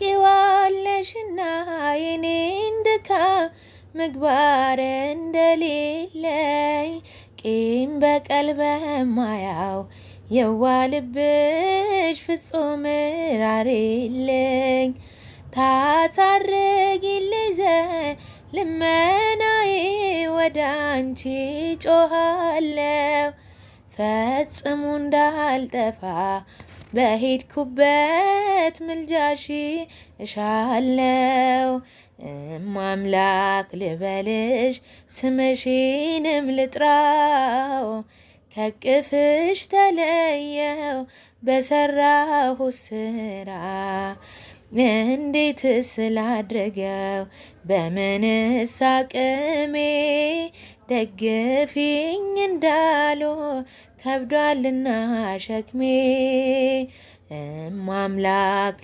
ታውቂዋለሽና የኔን ድካ ምግባር እንደሌለኝ ቂም በቀል በማያው የዋ ልብሽ ፍጹም ራሬልኝ ታሳርጊልኝ ዘንድ ልመናዬ ወደ አንቺ ጮኻለሁ ፈጽሙ እንዳልጠፋ በሄድኩበት ምልጃሺ እሻለው እማምላክ ልበልሽ ስምሽንም ልጥራው ከቅፍሽ ተለየው በሰራሁ ስራ እንዴት ስላድረገው በምንስ አቅሜ ደግፊኝ እንዳሉ ከብዷልና ሸክሜ እማምላክ